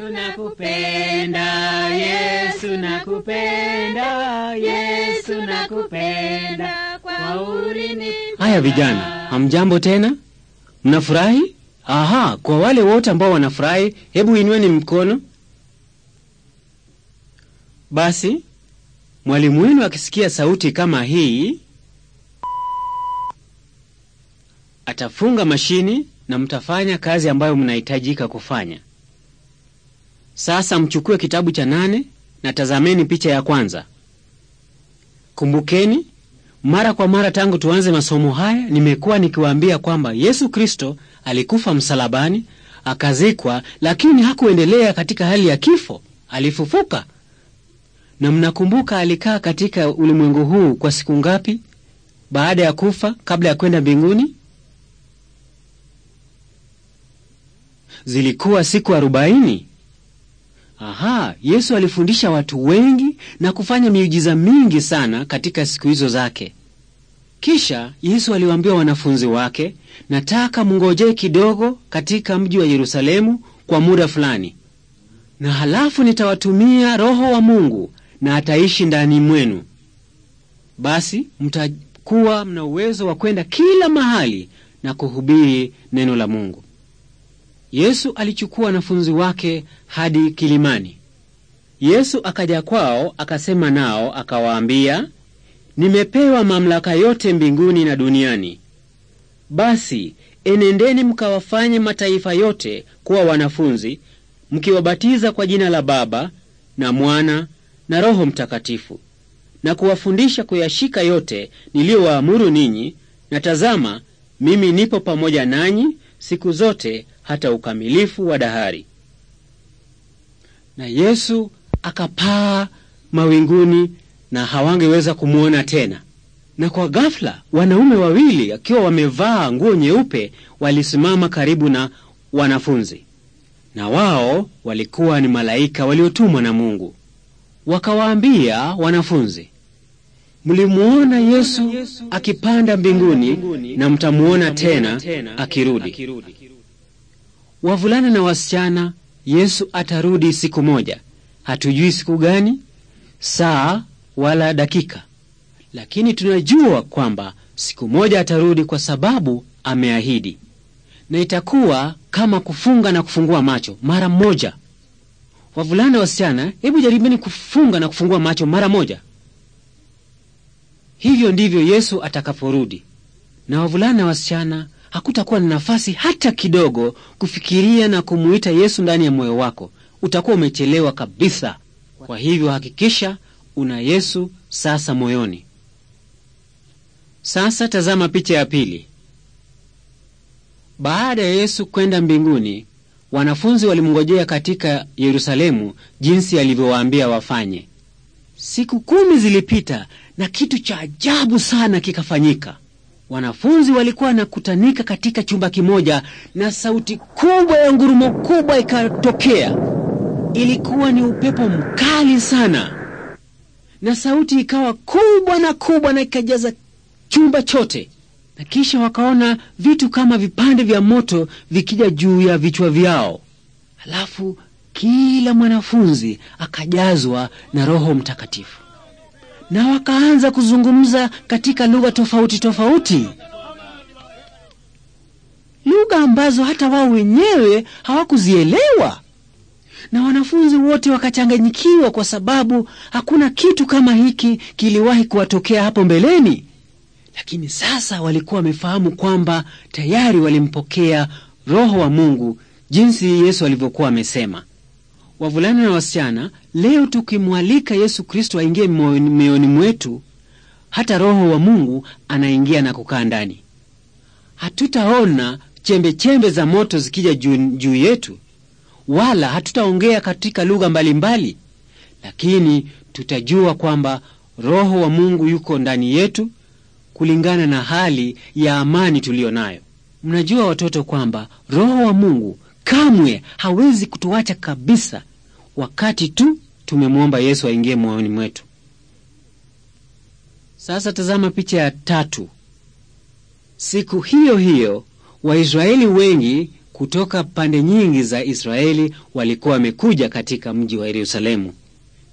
tunakupenda Yesu nakupenda, Yesu nakupenda kwa ulimi. Haya vijana, hamjambo tena? Mnafurahi? Aha, kwa wale wote ambao wanafurahi, hebu inueni mkono. Basi mwalimu wenu akisikia sauti kama hii atafunga mashini na mtafanya kazi ambayo mnahitajika kufanya. Sasa mchukue kitabu cha nane na tazameni picha ya kwanza. Kumbukeni, mara kwa mara tangu tuanze masomo haya nimekuwa nikiwaambia kwamba Yesu Kristo alikufa msalabani, akazikwa, lakini hakuendelea katika hali ya kifo. Alifufuka. Na mnakumbuka alikaa katika ulimwengu huu kwa siku ngapi baada ya kufa, kabla ya kwenda mbinguni? Zilikuwa siku arobaini. Aha, Yesu alifundisha watu wengi na kufanya miujiza mingi sana katika siku hizo zake. Kisha Yesu aliwaambia wanafunzi wake, nataka mngojee kidogo katika mji wa Yerusalemu kwa muda fulani, na halafu nitawatumia Roho wa Mungu na ataishi ndani mwenu. Basi mtakuwa mna uwezo wa kwenda kila mahali na kuhubiri neno la Mungu. Yesu alichukua wanafunzi wake hadi kilimani. Yesu akaja kwao, akasema nao, akawaambia, nimepewa mamlaka yote mbinguni na duniani. Basi enendeni mkawafanye mataifa yote kuwa wanafunzi, mkiwabatiza kwa jina la Baba na Mwana na Roho Mtakatifu, na kuwafundisha kuyashika yote niliyowaamuru ninyi, na tazama, mimi nipo pamoja nanyi siku zote hata ukamilifu wa dahari. Na Yesu akapaa mawinguni na hawangeweza kumwona tena. Na kwa ghafla, wanaume wawili akiwa wamevaa nguo nyeupe walisimama karibu na wanafunzi, na wao walikuwa ni malaika waliotumwa na Mungu. Wakawaambia wanafunzi, Mlimuona Yesu akipanda mbinguni na mtamuona tena akirudi. Wavulana na wasichana, Yesu atarudi siku moja. Hatujui siku gani, saa wala dakika, lakini tunajua kwamba siku moja atarudi, kwa sababu ameahidi, na itakuwa kama kufunga na kufungua macho mara moja. Wavulana na wasichana, hebu jaribeni kufunga na kufungua macho mara moja. Hivyo ndivyo Yesu atakaporudi, na wavulana wasichana, hakutakuwa na nafasi hata kidogo kufikiria na kumuita Yesu ndani ya moyo wako. Utakuwa umechelewa kabisa. Kwa hivyo hakikisha una Yesu sasa moyoni. Sasa tazama picha ya pili. Baada ya Yesu kwenda mbinguni, wanafunzi walimngojea katika Yerusalemu jinsi alivyowaambia wafanye. Siku kumi zilipita na kitu cha ajabu sana kikafanyika. Wanafunzi walikuwa wanakutanika katika chumba kimoja, na sauti kubwa ya ngurumo kubwa ikatokea. Ilikuwa ni upepo mkali sana, na sauti ikawa kubwa na kubwa, na ikajaza chumba chote, na kisha wakaona vitu kama vipande vya moto vikija juu ya vichwa vyao. Halafu kila mwanafunzi akajazwa na Roho Mtakatifu na wakaanza kuzungumza katika lugha tofauti tofauti, lugha ambazo hata wao wenyewe hawakuzielewa, na wanafunzi wote wakachanganyikiwa, kwa sababu hakuna kitu kama hiki kiliwahi kuwatokea hapo mbeleni. Lakini sasa walikuwa wamefahamu kwamba tayari walimpokea Roho wa Mungu jinsi Yesu alivyokuwa amesema. Wavulana na wasichana Leo tukimwalika Yesu Kristo aingie mioyoni mwetu, hata Roho wa Mungu anaingia na kukaa ndani. Hatutaona chembe-chembe za moto zikija juu, juu yetu, wala hatutaongea katika lugha mbalimbali, lakini tutajua kwamba Roho wa Mungu yuko ndani yetu kulingana na hali ya amani tuliyo nayo. Mnajua watoto, kwamba Roho wa Mungu kamwe hawezi kutuacha kabisa wakati tu tumemwomba Yesu aingie moyoni mwetu. Sasa tazama picha ya tatu. Siku hiyo hiyo Waisraeli wengi kutoka pande nyingi za Israeli walikuwa wamekuja katika mji wa Yerusalemu,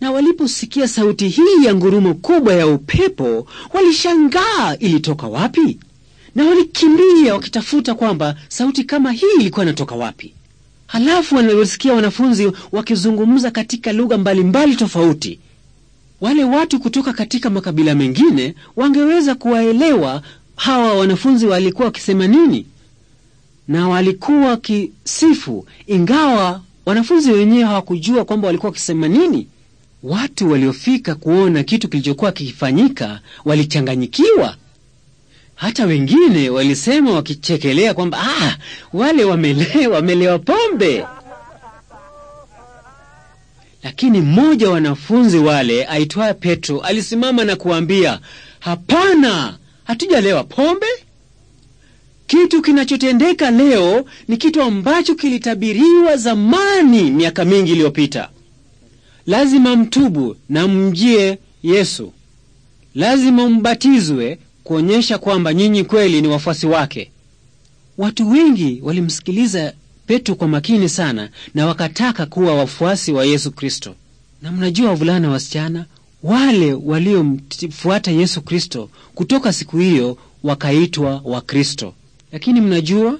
na waliposikia sauti hii ya ngurumo kubwa ya upepo walishangaa ilitoka wapi, na walikimbia wakitafuta kwamba sauti kama hii ilikuwa inatoka wapi. Halafu wanavyosikia wanafunzi wakizungumza katika lugha mbalimbali tofauti, wale watu kutoka katika makabila mengine wangeweza kuwaelewa hawa wanafunzi walikuwa wakisema nini, na walikuwa wakisifu, ingawa wanafunzi wenyewe hawakujua kwamba walikuwa wakisema nini. Watu waliofika kuona kitu kilichokuwa kikifanyika walichanganyikiwa. Hata wengine walisema wakichekelea kwamba ah, wale wamelewa, wamelewa pombe. Lakini mmoja wa wanafunzi wale aitwaye Petro alisimama na kuambia, hapana, hatujalewa pombe. Kitu kinachotendeka leo ni kitu ambacho kilitabiriwa zamani, miaka mingi iliyopita. Lazima mtubu na mjie Yesu, lazima mbatizwe kuonyesha kwamba nyinyi kweli ni wafuasi wake. Watu wengi walimsikiliza Petro kwa makini sana na wakataka kuwa wafuasi wa Yesu Kristo. Na mnajua wavulana, wasichana wale waliomfuata Yesu Kristo kutoka siku hiyo wakaitwa Wakristo. Lakini mnajua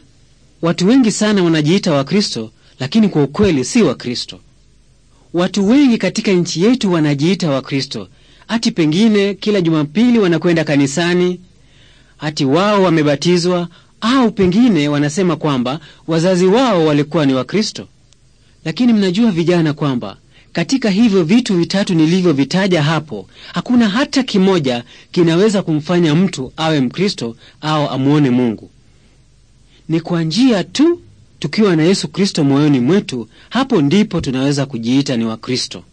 watu wengi sana wanajiita Wakristo, lakini kwa ukweli si Wakristo. Watu wengi katika nchi yetu wanajiita Wakristo, ati pengine kila Jumapili wanakwenda kanisani, ati wao wamebatizwa, au pengine wanasema kwamba wazazi wao walikuwa ni Wakristo. Lakini mnajua vijana kwamba katika hivyo vitu vitatu nilivyovitaja hapo, hakuna hata kimoja kinaweza kumfanya mtu awe Mkristo au amwone Mungu. Ni kwa njia tu tukiwa na Yesu Kristo moyoni mwetu, hapo ndipo tunaweza kujiita ni Wakristo.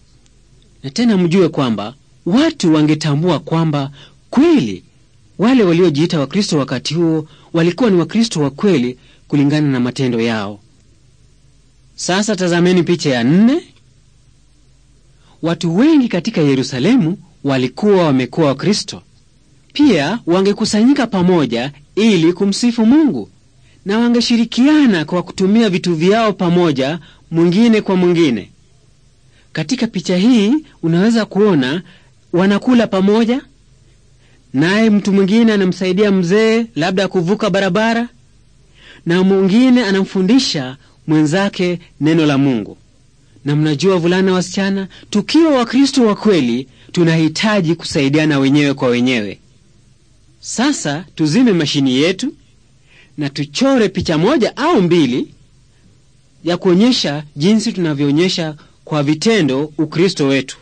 Na tena mjue kwamba watu wangetambua kwamba kweli wale waliojiita Wakristo wakati huo walikuwa ni Wakristo wa kweli kulingana na matendo yao. Sasa tazameni picha ya nne. Watu wengi katika Yerusalemu walikuwa wamekuwa Wakristo. Pia wangekusanyika pamoja ili kumsifu Mungu, na wangeshirikiana kwa kutumia vitu vyao pamoja, mwingine kwa mwingine. Katika picha hii unaweza kuona wanakula pamoja, naye mtu mwingine anamsaidia mzee labda kuvuka barabara, na mwingine anamfundisha mwenzake neno la Mungu. Na mnajua, vulana, wasichana, tukiwa Wakristo wa kweli tunahitaji kusaidiana wenyewe kwa wenyewe. Sasa tuzime mashini yetu na tuchore picha moja au mbili ya kuonyesha jinsi tunavyoonyesha kwa vitendo Ukristo wetu.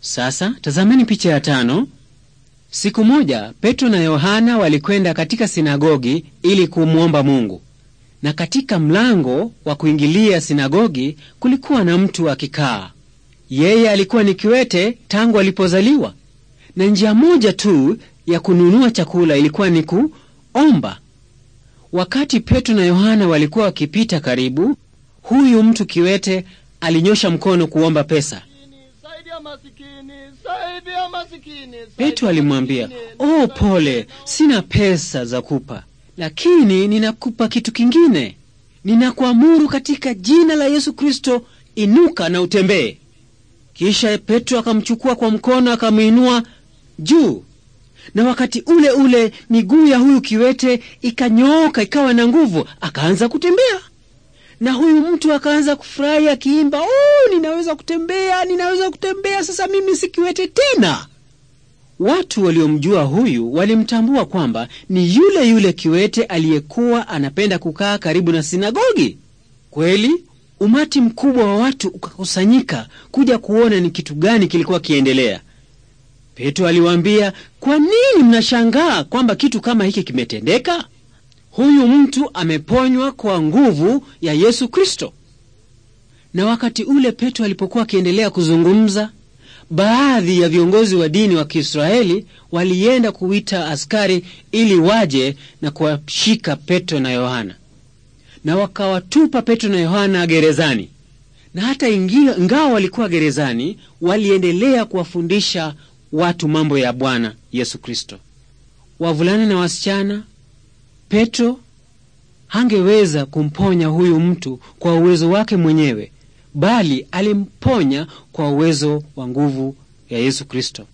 Sasa tazameni picha ya tano. Siku moja Petro na Yohana walikwenda katika sinagogi ili kumwomba Mungu, na katika mlango wa kuingilia sinagogi kulikuwa na mtu akikaa. Yeye alikuwa ni kiwete tangu alipozaliwa, na njia moja tu ya kununua chakula ilikuwa ni kuomba. Wakati Petro na Yohana walikuwa wakipita karibu, huyu mtu kiwete alinyosha mkono kuomba pesa. Petro alimwambia, oh, pole, sina pesa za kupa, lakini ninakupa kitu kingine. Ninakuamuru katika jina la Yesu Kristo, inuka na utembee. Kisha Petro akamchukua kwa mkono akamwinua juu, na wakati ule ule miguu ya huyu kiwete ikanyooka ikawa na nguvu, akaanza kutembea na huyu mtu akaanza kufurahi akiimba, oh, ninaweza kutembea, ninaweza kutembea, sasa mimi sikiwete tena. Watu waliomjua huyu walimtambua kwamba ni yule yule kiwete aliyekuwa anapenda kukaa karibu na sinagogi. Kweli umati mkubwa wa watu ukakusanyika kuja kuona ni kitu gani kilikuwa kiendelea. Petro aliwaambia, kwa nini mnashangaa kwamba kitu kama hiki kimetendeka? huyu mtu ameponywa kwa nguvu ya Yesu Kristo. Na wakati ule Petro alipokuwa akiendelea kuzungumza, baadhi ya viongozi wa dini wa Kiisraeli walienda kuita askari ili waje na kuwashika Petro na Yohana, na wakawatupa Petro na Yohana gerezani. Na hata ingawa walikuwa gerezani, waliendelea kuwafundisha watu mambo ya Bwana Yesu Kristo. Wavulana na wasichana Petro hangeweza kumponya huyu mtu kwa uwezo wake mwenyewe, bali alimponya kwa uwezo wa nguvu ya Yesu Kristo.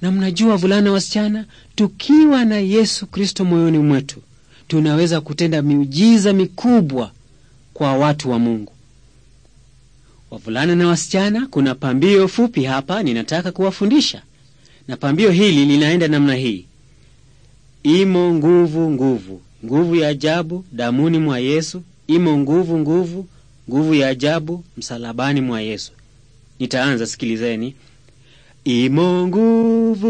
Na mnajua, vulana wasichana, tukiwa na Yesu Kristo moyoni mwetu tunaweza kutenda miujiza mikubwa kwa watu wa Mungu. Wavulana na wasichana, kuna pambio fupi hapa ninataka kuwafundisha, na pambio hili linaenda namna hii imo nguvu nguvu nguvu ya ajabu damuni mwa Yesu, imo nguvu nguvu nguvu ya ajabu msalabani mwa Yesu. Nitaanza, sikilizeni. Imo nguvu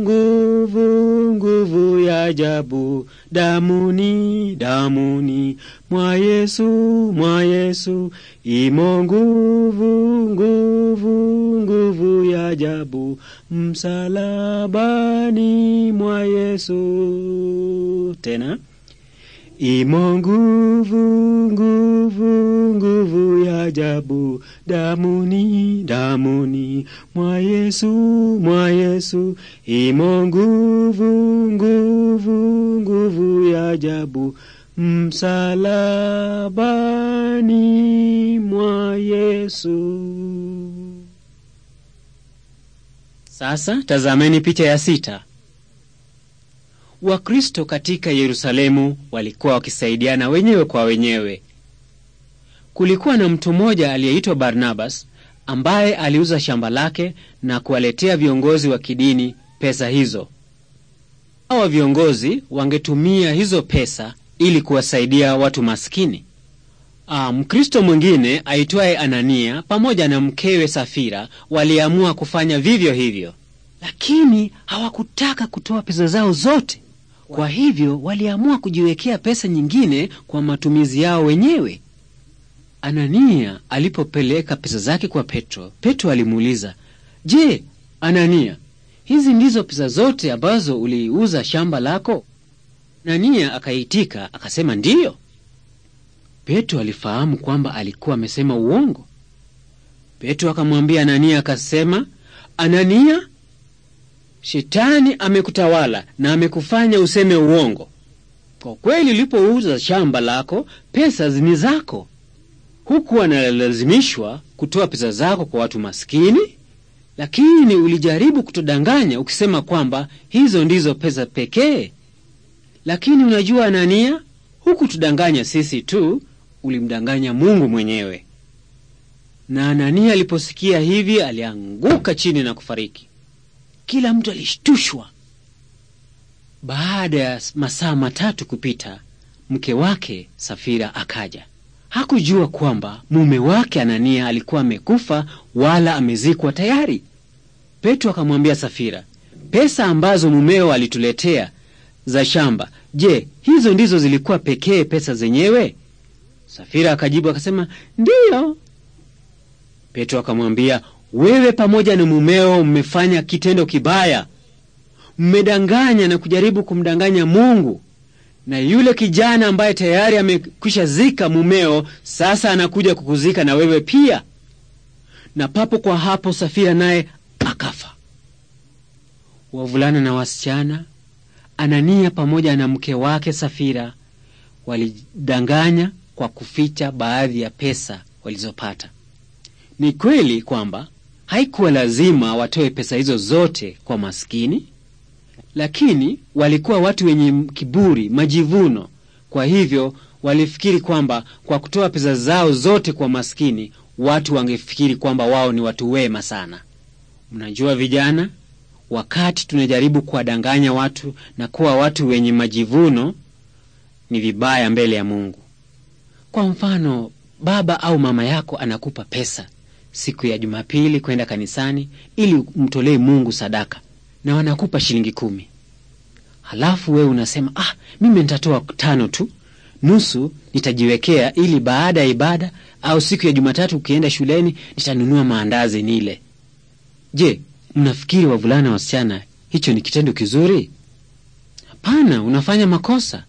nguvu nguvu ya ajabu damuni damuni mwa Yesu mwa Yesu. Imo nguvu nguvu nguvu ya ajabu msalabani mwa Yesu. Tena Imo nguvu nguvu nguvu ya ajabu damuni damuni mwa Yesu mwa Yesu. Imo nguvu nguvu nguvu ya ajabu msalabani mwa Yesu. Sasa tazameni picha ya sita. Wakristo katika Yerusalemu walikuwa wakisaidiana wenyewe kwa wenyewe. Kulikuwa na mtu mmoja aliyeitwa Barnabas ambaye aliuza shamba lake na kuwaletea viongozi wa kidini pesa hizo. Hawa viongozi wangetumia hizo pesa ili kuwasaidia watu maskini. Ah, Mkristo mwingine aitwaye Anania pamoja na mkewe Safira waliamua kufanya vivyo hivyo, lakini hawakutaka kutoa pesa zao zote. Kwa hivyo waliamua kujiwekea pesa nyingine kwa matumizi yao wenyewe. Anania alipopeleka pesa zake kwa Petro, Petro alimuuliza, "Je, Anania, hizi ndizo pesa zote ambazo uliuza shamba lako?" Anania akaitika akasema, "Ndiyo." Petro alifahamu kwamba alikuwa amesema uongo. Petro akamwambia Anania akasema, "Anania, Shetani amekutawala na amekufanya useme uongo. Kwa kweli, ulipouza shamba lako, pesa ni zako. Hukuwa analazimishwa kutoa pesa zako kwa watu masikini lakini ulijaribu kutodanganya ukisema kwamba hizo ndizo pesa pekee. Lakini unajua Anania, hukutudanganya sisi tu, ulimdanganya Mungu mwenyewe. Na Anania aliposikia hivi, alianguka chini na kufariki. Kila mtu alishtushwa. Baada ya masaa matatu kupita, mke wake Safira akaja. Hakujua kwamba mume wake Anania alikuwa amekufa wala amezikwa tayari. Petro akamwambia Safira, pesa ambazo mumeo alituletea za shamba, je, hizo ndizo zilikuwa pekee pesa zenyewe? Safira akajibu akasema, ndiyo. Petro akamwambia, wewe pamoja na mumeo mmefanya kitendo kibaya, mmedanganya na kujaribu kumdanganya Mungu. Na yule kijana ambaye tayari amekwisha zika mumeo, sasa anakuja kukuzika na wewe pia. Na papo kwa hapo Safira naye akafa. Wavulana na wasichana, Anania pamoja na mke wake Safira walidanganya kwa kuficha baadhi ya pesa walizopata. Ni kweli kwamba Haikuwa lazima watoe pesa hizo zote kwa maskini, lakini walikuwa watu wenye kiburi, majivuno. Kwa hivyo walifikiri kwamba kwa kutoa pesa zao zote kwa maskini, watu wangefikiri kwamba wao ni watu wema sana. Mnajua vijana, wakati tunajaribu kuwadanganya watu na kuwa watu wenye majivuno, ni vibaya mbele ya Mungu. Kwa mfano, baba au mama yako anakupa pesa siku ya Jumapili kwenda kanisani ili umtolee Mungu sadaka, na wanakupa shilingi kumi. Halafu wewe unasema ah, mimi nitatoa tano tu, nusu nitajiwekea ili baada ya ibada au siku ya Jumatatu ukienda shuleni nitanunua maandazi nile. Je, mnafikiri wavulana wasichana, hicho ni kitendo kizuri? Hapana, unafanya makosa.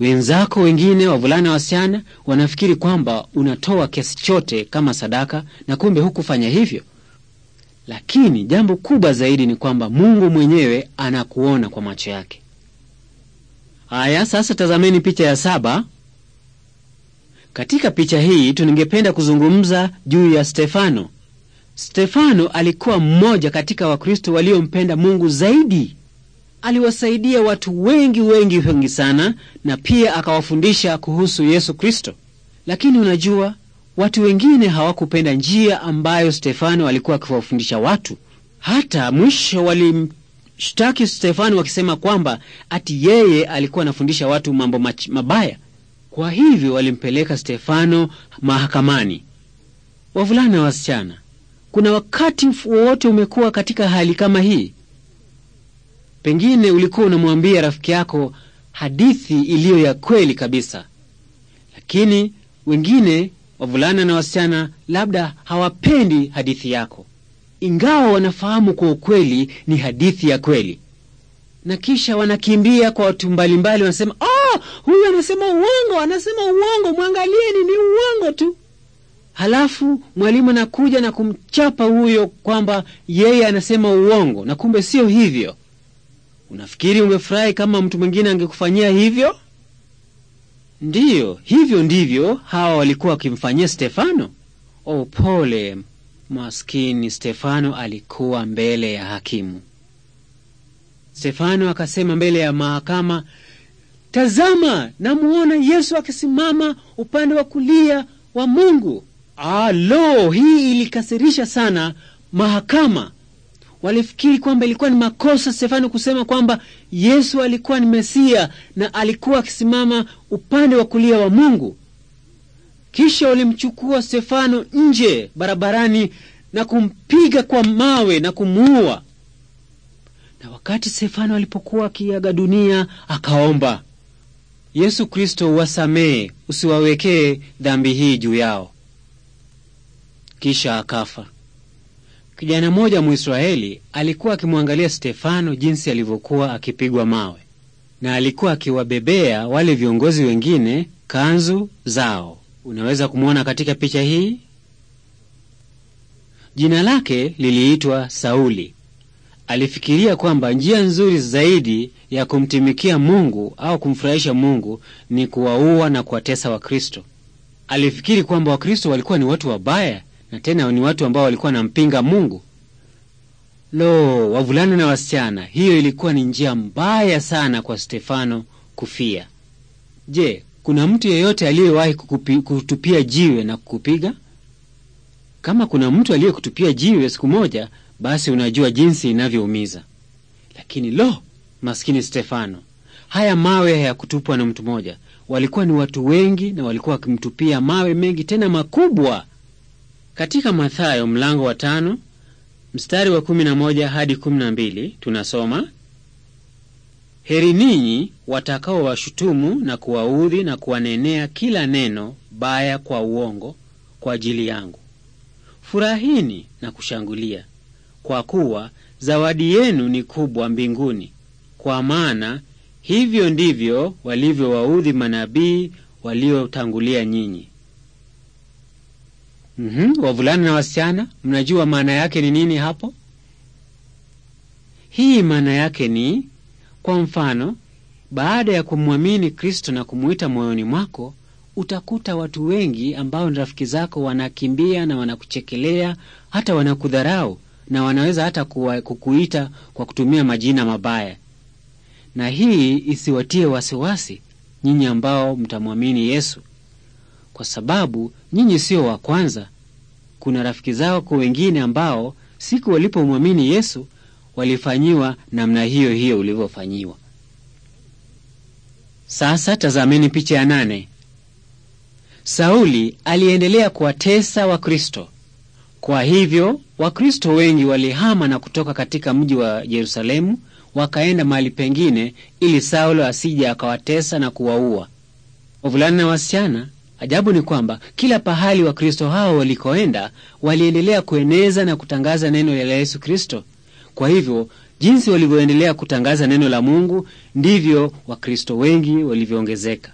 Wenzako wengine wavulana wasichana wanafikiri kwamba unatoa kiasi chote kama sadaka, na kumbe hukufanya hivyo. Lakini jambo kubwa zaidi ni kwamba Mungu mwenyewe anakuona kwa macho yake. Haya, sasa tazameni picha ya saba. Katika picha hii tuningependa kuzungumza juu ya Stefano. Stefano alikuwa mmoja katika Wakristo waliompenda Mungu zaidi aliwasaidia watu wengi wengi wengi sana, na pia akawafundisha kuhusu Yesu Kristo. Lakini unajua watu wengine hawakupenda njia ambayo Stefano alikuwa akiwafundisha watu. Hata mwisho walimshtaki Stefano wakisema kwamba ati yeye alikuwa anafundisha watu mambo mabaya. Kwa hivyo walimpeleka Stefano mahakamani. Wavulana na wasichana, kuna wakati wowote umekuwa katika hali kama hii? Pengine ulikuwa unamwambia rafiki yako hadithi iliyo ya kweli kabisa, lakini wengine wavulana na wasichana labda hawapendi hadithi yako, ingawa wanafahamu kwa ukweli ni hadithi ya kweli, na kisha wanakimbia kwa watu mbalimbali, wanasema oh, huyu anasema uongo, anasema uongo, mwangalieni, ni uongo tu. Halafu mwalimu anakuja na kumchapa huyo kwamba yeye anasema uongo, na kumbe sio hivyo. Unafikiri ungefurahi kama mtu mwingine angekufanyia hivyo? Ndiyo, hivyo ndivyo hawa walikuwa wakimfanyia Stefano. O pole, maskini Stefano alikuwa mbele ya hakimu. Stefano akasema mbele ya mahakama, tazama, namuona Yesu akisimama upande wa kulia wa Mungu. Alo, ah, hii ilikasirisha sana mahakama walifikiri kwamba ilikuwa ni makosa Stefano kusema kwamba Yesu alikuwa ni Mesia na alikuwa akisimama upande wa kulia wa Mungu. Kisha walimchukua Stefano nje barabarani na kumpiga kwa mawe na kumuua. Na wakati Stefano alipokuwa akiaga dunia, akaomba, Yesu Kristo, wasamehe, usiwawekee dhambi hii juu yao. Kisha akafa. Kijana mmoja Mwisraeli alikuwa akimwangalia Stefano jinsi alivyokuwa akipigwa mawe, na alikuwa akiwabebea wale viongozi wengine kanzu zao. Unaweza kumwona katika picha hii. Jina lake liliitwa Sauli. Alifikiria kwamba njia nzuri zaidi ya kumtumikia Mungu au kumfurahisha Mungu ni kuwaua na kuwatesa Wakristo. Alifikiri kwamba Wakristo walikuwa ni watu wabaya na tena ni watu ambao walikuwa wanampinga Mungu. Lo, wavulana na wasichana, hiyo ilikuwa ni njia mbaya sana kwa Stefano kufia. Je, kuna mtu yeyote aliyewahi kutupia jiwe na kukupiga? Kama kuna mtu aliyekutupia jiwe siku moja, basi unajua jinsi inavyoumiza. Lakini lo, maskini Stefano, haya mawe hayakutupwa na mtu mmoja, walikuwa ni watu wengi, na walikuwa wakimtupia mawe mengi tena makubwa. Katika Mathayo mlango wa tano mstari wa kumi na moja hadi kumi na mbili tunasoma Heri ninyi watakao washutumu na kuwaudhi na kuwanenea kila neno baya kwa uongo kwa ajili yangu. Furahini na kushangulia, kwa kuwa zawadi yenu ni kubwa mbinguni, kwa maana hivyo ndivyo walivyowaudhi manabii waliotangulia nyinyi. Mm-hmm, wavulana na wasichana, mnajua maana yake ni nini hapo? Hii maana yake ni kwa mfano, baada ya kumwamini Kristo na kumuita moyoni mwako, utakuta watu wengi ambao ni rafiki zako wanakimbia na wanakuchekelea, hata wanakudharau na wanaweza hata kuwa, kukuita kwa kutumia majina mabaya, na hii isiwatie wasiwasi nyinyi ambao mtamwamini Yesu kwa sababu nyinyi sio wa kwanza. Kuna rafiki zako wengine ambao siku walipomwamini Yesu walifanyiwa namna hiyo hiyo ulivyofanyiwa. Sasa tazameni picha ya nane. Sauli aliendelea kuwatesa Wakristo. Kwa hivyo Wakristo wengi walihama na kutoka katika mji wa Yerusalemu wakaenda mahali pengine, ili Saulo asije akawatesa na kuwaua wavulana na wasichana Ajabu ni kwamba kila pahali Wakristo hao walikoenda waliendelea kueneza na kutangaza neno la Yesu Kristo. Kwa hivyo jinsi walivyoendelea kutangaza neno la Mungu ndivyo Wakristo wengi walivyoongezeka.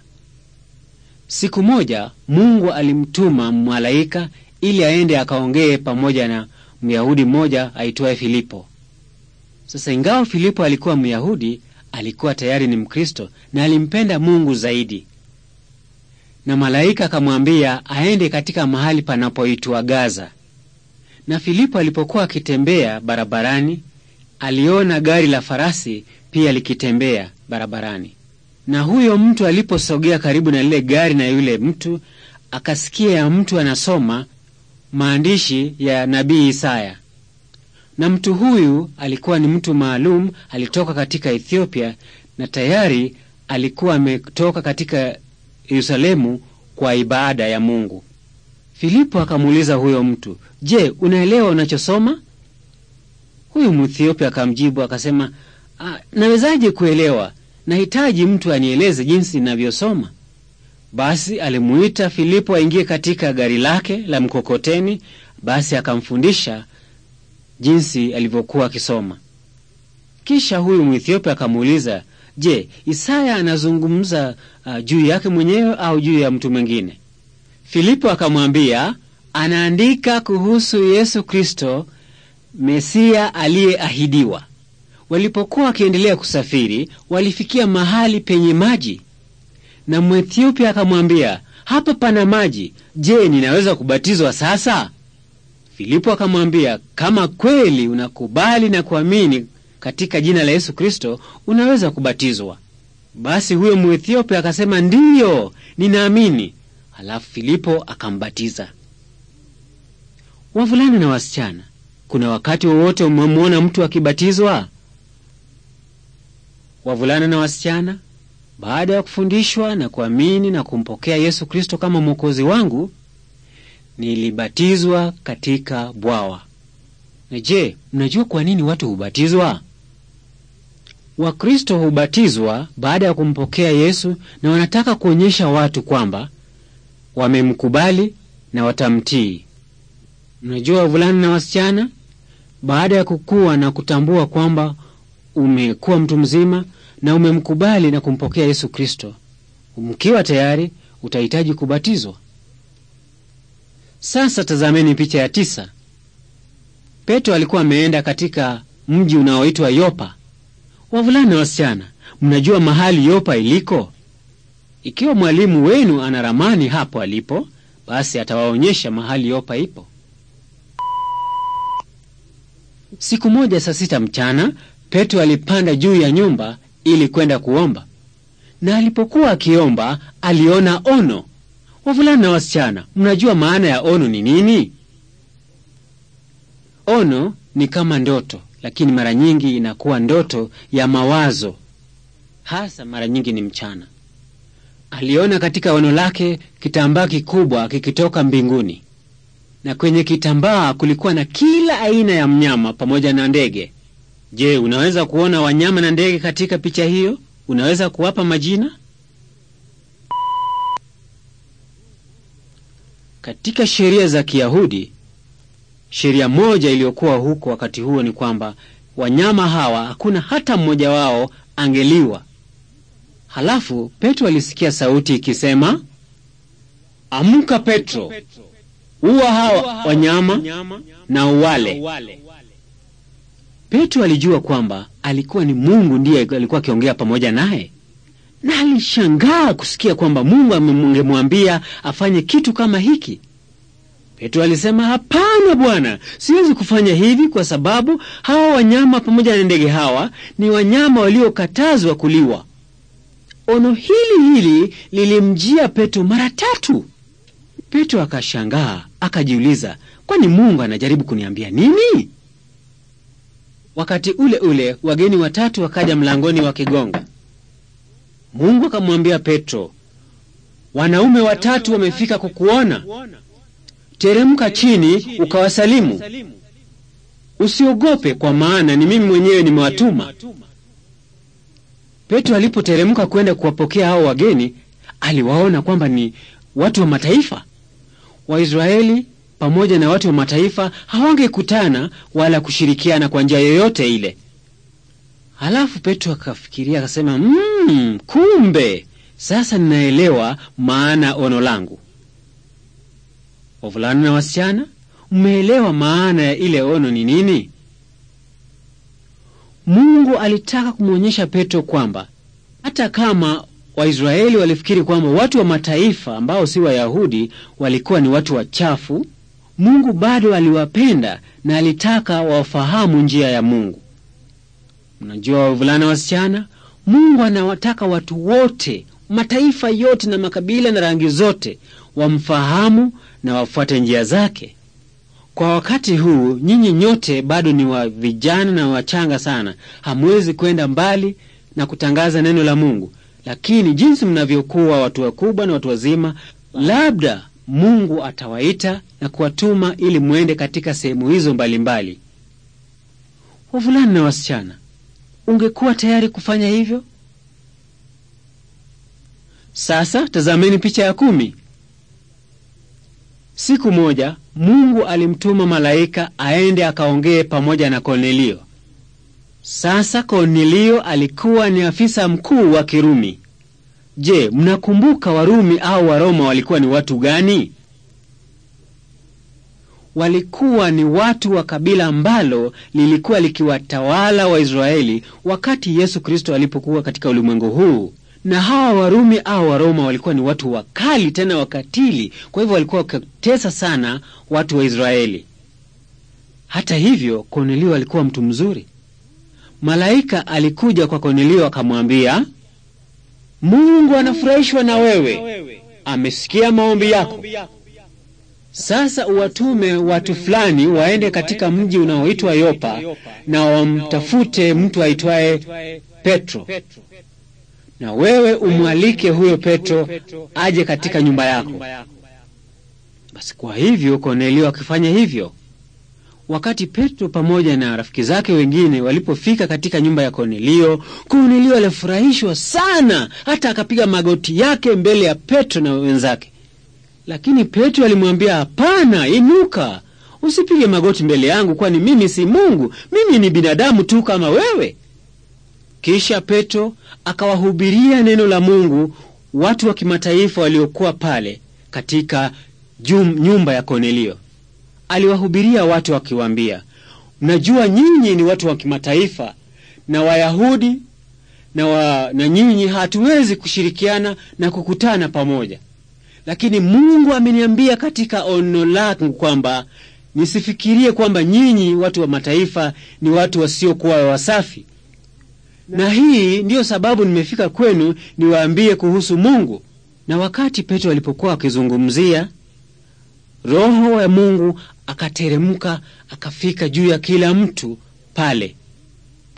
Siku moja Mungu alimtuma malaika ili aende akaongee pamoja na Myahudi mmoja aitwaye Filipo. Sasa ingawa Filipo alikuwa Myahudi, alikuwa tayari ni Mkristo na alimpenda Mungu zaidi na malaika akamwambia aende katika mahali panapoitwa Gaza. Na Filipo alipokuwa akitembea barabarani, aliona gari la farasi pia likitembea barabarani. Na huyo mtu aliposogea karibu na lile gari na yule mtu, akasikia ya mtu anasoma maandishi ya nabii Isaya. Na mtu huyu alikuwa ni mtu maalum, alitoka katika Ethiopia na tayari alikuwa ametoka katika Yerusalemu kwa ibada ya Mungu. Filipo akamuuliza huyo mtu, je, unaelewa unachosoma? Huyu Mthiopia akamjibu akasema, ah, nawezaje kuelewa? Nahitaji mtu anieleze jinsi ninavyosoma. Basi alimuita Filipo aingie katika gari lake la mkokoteni, basi akamfundisha jinsi alivyokuwa akisoma. Kisha huyu Mwethiopia akamuuliza Je, Isaya anazungumza uh, juu yake mwenyewe au juu ya mtu mwingine? Filipo akamwambia anaandika kuhusu Yesu Kristo mesiya aliyeahidiwa. Walipokuwa wakiendelea kusafiri, walifikia mahali penye maji, na Mwethiopia akamwambia, hapa pana maji, je, ninaweza kubatizwa sasa? Filipo akamwambia, kama kweli unakubali na kuamini katika jina la Yesu Kristo unaweza kubatizwa? Basi huyo Muethiopia akasema ndiyo, ninaamini. Halafu Filipo akambatiza. Wavulana na wasichana, kuna wakati wowote umemwona mtu akibatizwa? Wavulana na wasichana, baada ya kufundishwa na kuamini na kumpokea Yesu Kristo kama mwokozi wangu, nilibatizwa katika bwawa. Na je, mnajua kwa nini watu hubatizwa? Wakristo hubatizwa baada ya kumpokea Yesu na wanataka kuonyesha watu kwamba wamemkubali na watamtii. unajua wavulana na wasichana, baada ya kukua na kutambua kwamba umekuwa mtu mzima na umemkubali na kumpokea Yesu Kristo, mkiwa tayari utahitaji kubatizwa. Sasa tazameni picha ya tisa. Petro alikuwa ameenda katika mji unaoitwa Yopa Wavulana, wasichana, mnajua mahali Yopa iliko? Ikiwa mwalimu wenu ana ramani hapo alipo, basi atawaonyesha mahali Yopa ipo. Siku moja saa sita mchana, Petro alipanda juu ya nyumba ili kwenda kuomba, na alipokuwa akiomba aliona ono. Wavulana na wasichana, mnajua maana ya ono ni nini? Ono ni kama ndoto lakini mara nyingi inakuwa ndoto ya mawazo, hasa mara nyingi ni mchana. Aliona katika ono lake kitambaa kikubwa kikitoka mbinguni, na kwenye kitambaa kulikuwa na kila aina ya mnyama pamoja na ndege. Je, unaweza kuona wanyama na ndege katika picha hiyo? Unaweza kuwapa majina? Katika sheria za Kiyahudi Sheria moja iliyokuwa huko wakati huo ni kwamba wanyama hawa hakuna hata mmoja wao angeliwa. Halafu Petro alisikia sauti ikisema, amka Petro, uwa hawa wanyama na uwale. Petro alijua kwamba alikuwa ni Mungu ndiye alikuwa akiongea pamoja naye, na alishangaa kusikia kwamba Mungu angemwambia afanye kitu kama hiki. Petro alisema, hapana Bwana, siwezi kufanya hivi, kwa sababu hawa wanyama pamoja na ndege hawa ni wanyama waliokatazwa kuliwa. Ono hili hili lilimjia Petro mara tatu. Petro akashangaa, akajiuliza, kwani Mungu anajaribu kuniambia nini? Wakati ule ule wageni watatu wakaja mlangoni wa kigonga Mungu akamwambia Petro, wanaume watatu wamefika kukuona teremka chini ukawasalimu. Usiogope, kwa maana ni mimi mwenyewe nimewatuma. Petro alipoteremka kwenda kuwapokea hao wageni, aliwaona kwamba ni watu wa mataifa. Waisraeli pamoja na watu wa mataifa hawangekutana wala kushirikiana kwa njia yoyote ile. Halafu Petro akafikiria akasema, mmm, kumbe sasa ninaelewa maana ono langu. Wavulana na wasichana, mmeelewa maana ya ile ono ni nini? Mungu alitaka kumwonyesha Petro kwamba hata kama Waisraeli walifikiri kwamba watu wa mataifa ambao si Wayahudi walikuwa ni watu wachafu, Mungu bado aliwapenda na alitaka wafahamu njia ya Mungu. Mnajua wavulana wasichana, Mungu anawataka watu wote, mataifa yote na makabila na rangi zote wamfahamu na wafuate njia zake. Kwa wakati huu nyinyi nyote bado ni wa vijana na wachanga sana, hamwezi kwenda mbali na kutangaza neno la Mungu, lakini jinsi mnavyokuwa watu wakubwa na watu wazima, labda Mungu atawaita na kuwatuma ili mwende katika sehemu hizo mbalimbali. Wavulana na wasichana, ungekuwa tayari kufanya hivyo? Sasa tazameni picha ya kumi. Siku moja Mungu alimtuma malaika aende akaongee pamoja na Kornelio. Sasa Kornelio alikuwa ni afisa mkuu wa Kirumi. Je, mnakumbuka Warumi au Waroma walikuwa ni watu gani? Walikuwa ni watu wa kabila ambalo lilikuwa likiwatawala Waisraeli wakati Yesu Kristo alipokuwa katika ulimwengu huu na hawa Warumi au Waroma walikuwa ni watu wakali tena wakatili, kwa hivyo walikuwa wakitesa sana watu wa Israeli. Hata hivyo, Kornelio alikuwa mtu mzuri. Malaika alikuja kwa Kornelio akamwambia, Mungu anafurahishwa na wewe, amesikia maombi yako. Sasa uwatume watu fulani waende katika mji unaoitwa Yopa na wamtafute mtu aitwaye Petro na wewe umwalike huyo Petro aje katika nyumba yako. Basi kwa hivyo Kornelio akifanya hivyo. Wakati Petro pamoja na rafiki zake wengine walipofika katika nyumba ya Kornelio, Kornelio alifurahishwa sana, hata akapiga magoti yake mbele ya Petro na wenzake. Lakini Petro alimwambia, hapana, inuka, usipige magoti mbele yangu, kwani mimi si Mungu, mimi ni binadamu tu kama wewe. Kisha Petro akawahubiria neno la Mungu watu wa kimataifa waliokuwa pale katika jum, nyumba ya Kornelio. Aliwahubiria watu akiwaambia, mnajua nyinyi ni watu wa kimataifa na Wayahudi na, wa, na nyinyi hatuwezi kushirikiana na kukutana pamoja, lakini Mungu ameniambia katika ono langu kwamba nisifikirie kwamba nyinyi watu wa mataifa ni watu wasiokuwa wasafi na hii ndiyo sababu nimefika kwenu niwaambie kuhusu Mungu. Na wakati Petro alipokuwa akizungumzia, Roho ya Mungu akateremka akafika juu ya kila mtu pale.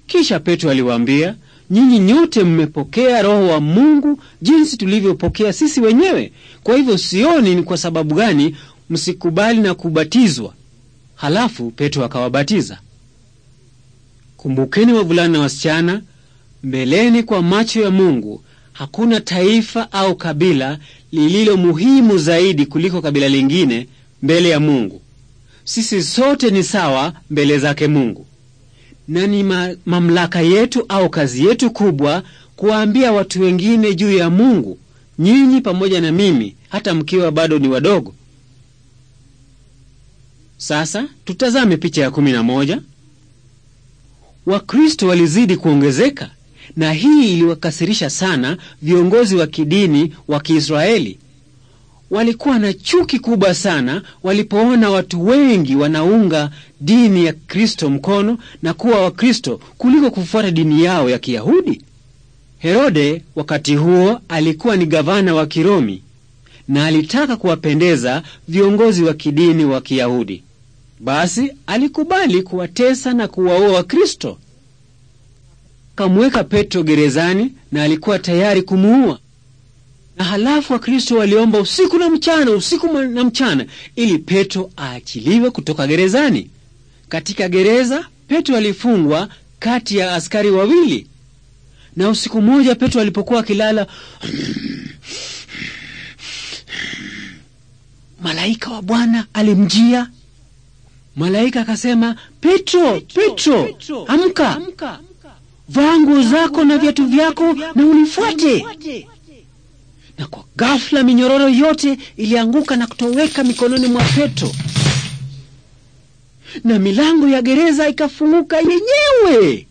Kisha Petro aliwaambia, nyinyi nyote mmepokea Roho wa Mungu jinsi tulivyopokea sisi wenyewe. Kwa hivyo sioni ni kwa sababu gani msikubali na kubatizwa. Halafu Petro akawabatiza. Kumbukeni wavulana na wasichana Mbeleni kwa macho ya Mungu hakuna taifa au kabila lililo muhimu zaidi kuliko kabila lingine mbele ya Mungu. Sisi sote ni sawa mbele zake Mungu, na ni ma mamlaka yetu au kazi yetu kubwa kuwaambia watu wengine juu ya Mungu, nyinyi pamoja na mimi, hata mkiwa bado ni wadogo. Sasa tutazame picha ya kumi na moja. Wakristo walizidi kuongezeka na hii iliwakasirisha sana viongozi wa kidini wa Kiisraeli. Walikuwa na chuki kubwa sana walipoona watu wengi wanaunga dini ya Kristo mkono na kuwa Wakristo kuliko kufuata dini yao ya Kiyahudi. Herode wakati huo alikuwa ni gavana wa Kiromi na alitaka kuwapendeza viongozi wa kidini wa Kiyahudi. Basi alikubali kuwatesa na kuwaua Wakristo kamweka Petro gerezani na alikuwa tayari kumuua. Na halafu Wakristo waliomba usiku na mchana, usiku na mchana, ili Petro aachiliwe kutoka gerezani. Katika gereza Petro alifungwa kati ya askari wawili, na usiku mmoja Petro alipokuwa akilala, malaika wa Bwana alimjia. Malaika akasema, Petro, Petro, Petro, Petro, amka, amka vaa nguo zako na viatu vyako na unifuate. Na kwa ghafla minyororo yote ilianguka na kutoweka mikononi mwa Petro, na milango ya gereza ikafunguka yenyewe.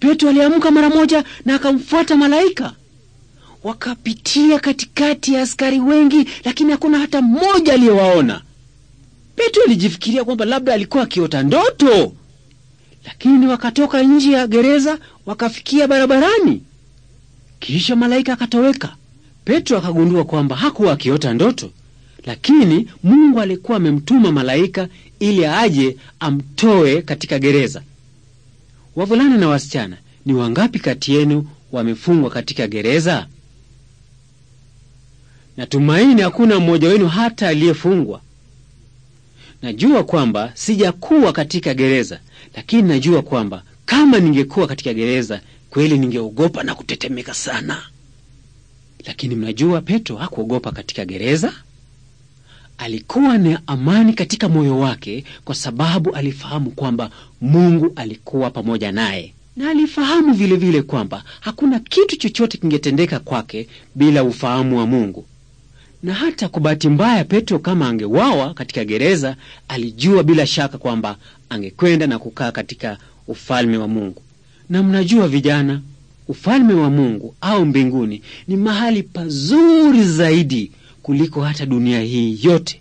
Petro aliamka mara moja na akamfuata malaika. Wakapitia katikati ya askari wengi, lakini hakuna hata mmoja aliyewaona. Petro alijifikiria kwamba labda alikuwa akiota ndoto lakini wakatoka nje ya gereza wakafikia barabarani. Kisha malaika akatoweka. Petro akagundua kwamba hakuwa akiota ndoto, lakini Mungu alikuwa amemtuma malaika ili aje amtoe katika gereza. Wavulana na wasichana, ni wangapi kati yenu wamefungwa katika gereza? Natumaini hakuna mmoja wenu hata aliyefungwa najua kwamba sijakuwa katika gereza, lakini najua kwamba kama ningekuwa katika gereza kweli ningeogopa na kutetemeka sana. Lakini mnajua Petro hakuogopa katika gereza. Alikuwa na amani katika moyo wake, kwa sababu alifahamu kwamba Mungu alikuwa pamoja naye, na alifahamu vilevile vile kwamba hakuna kitu chochote kingetendeka kwake bila ufahamu wa Mungu na hata kwa bahati mbaya Petro kama angewawa katika gereza, alijua bila shaka kwamba angekwenda na kukaa katika ufalme wa Mungu. Na mnajua vijana, ufalme wa Mungu au mbinguni ni mahali pazuri zaidi kuliko hata dunia hii yote.